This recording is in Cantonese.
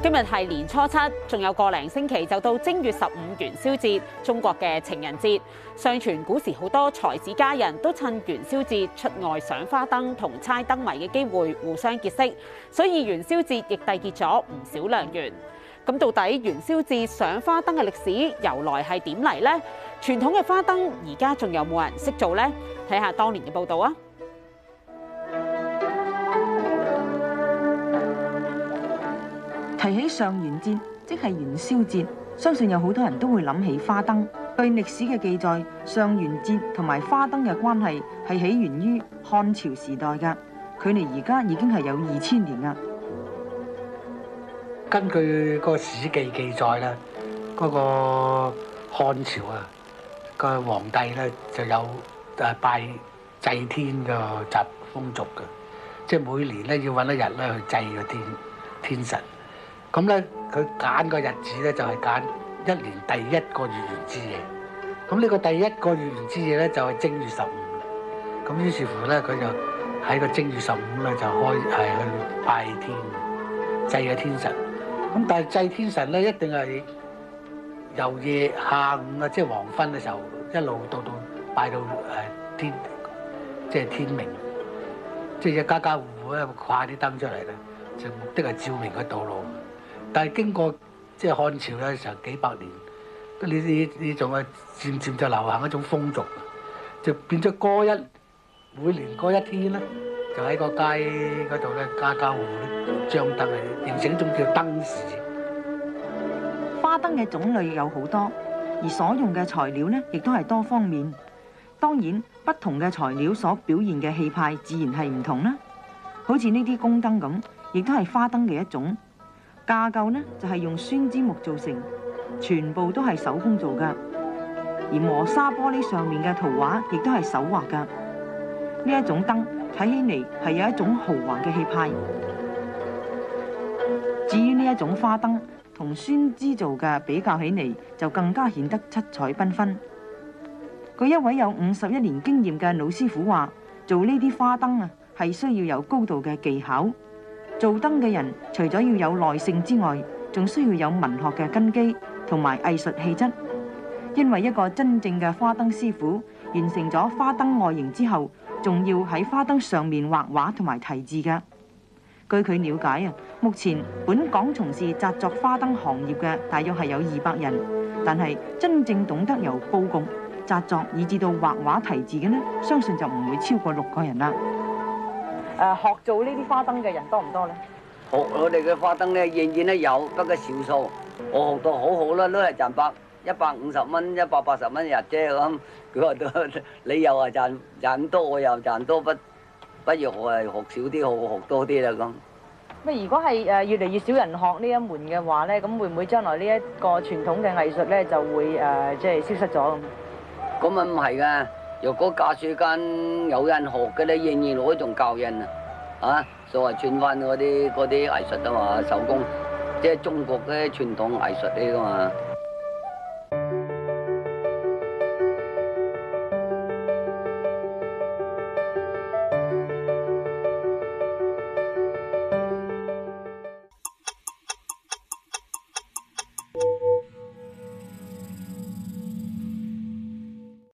今日係年初七，仲有個零星期就到正月十五元宵節，中國嘅情人節。相傳古時好多才子佳人都趁元宵節出外賞花燈同猜燈謎嘅機會互相結識，所以元宵節亦締結咗唔少良緣。咁到底元宵節賞花燈嘅歷史由來係點嚟呢？傳統嘅花燈而家仲有冇人識做呢？睇下當年嘅報道啊！提起上元節，即係元宵節，相信有好多人都會諗起花燈。據歷史嘅記載，上元節同埋花燈嘅關係係起源於漢朝時代噶，距離而家已經係有二千年啦。根據個史記記載啦，嗰、嗰個漢朝啊、嗰個皇帝咧就有誒拜祭天嘅習風俗噶，即係每年咧要揾一日咧去祭個天天神。咁咧，佢揀個日子咧就係、是、揀一年第一個月圓之夜。咁、嗯、呢、這個第一個月圓之夜咧就係、是、正月十五。咁、嗯、於是乎咧，佢就喺個正月十五咧就開係去拜天，祭嘅天神。咁、嗯、但係祭天神咧一定係由夜下午啊，即、就、係、是、黃昏嘅時候一路到到拜到誒天，即、就、係、是、天明。即係一家家戶戶咧會快啲燈出嚟咧，就目的係照明個道路。但係經過即係漢朝嘅時候幾百年，你你你仲係漸漸就流行一種風俗，就變咗過一每年過一天咧，就喺個街嗰度咧，家家戶戶張燈，形成一種叫燈市。花燈嘅種類有好多，而所用嘅材料咧，亦都係多方面。當然，不同嘅材料所表現嘅氣派，自然係唔同啦。好似呢啲宮燈咁，亦都係花燈嘅一種。架構呢就係、是、用酸枝木做成，全部都係手工做噶。而磨砂玻璃上面嘅圖畫亦都係手畫噶。呢一種燈睇起嚟係有一種豪華嘅氣派。至於呢一種花燈同酸枝做嘅比較起嚟，就更加顯得七彩繽紛。據一位有五十一年經驗嘅老師傅話，做呢啲花燈啊係需要有高度嘅技巧。做燈嘅人除咗要有耐性之外，仲需要有文學嘅根基同埋藝術氣質。因為一個真正嘅花燈師傅完成咗花燈外形之後，仲要喺花燈上面畫畫同埋題字嘅。據佢了解啊，目前本港從事紮作花燈行業嘅大約係有二百人，但係真正懂得由佈局、紮作以至到畫畫題字嘅呢，相信就唔會超過六個人啦。誒，學做呢啲花燈嘅人多唔多咧？學我哋嘅花燈咧，仍然都有，不過少數。我學到好好啦，都係賺百一百五十蚊、一百八十蚊一日啫咁。佢話到你又話賺賺咁多，我又賺多不，不如我係學少啲，我學多啲啦咁。咁如果係誒越嚟越少人學呢一門嘅話咧，咁會唔會將來呢一個傳統嘅藝術咧就會誒即係消失咗咁啊？咁啊唔係噶。如果假書間有人學嘅咧，仍然攞嚟仲教人啊，啊，所以傳翻嗰啲嗰啲藝術啊嘛，手工，即係中國嘅啲傳統藝術啲噶嘛。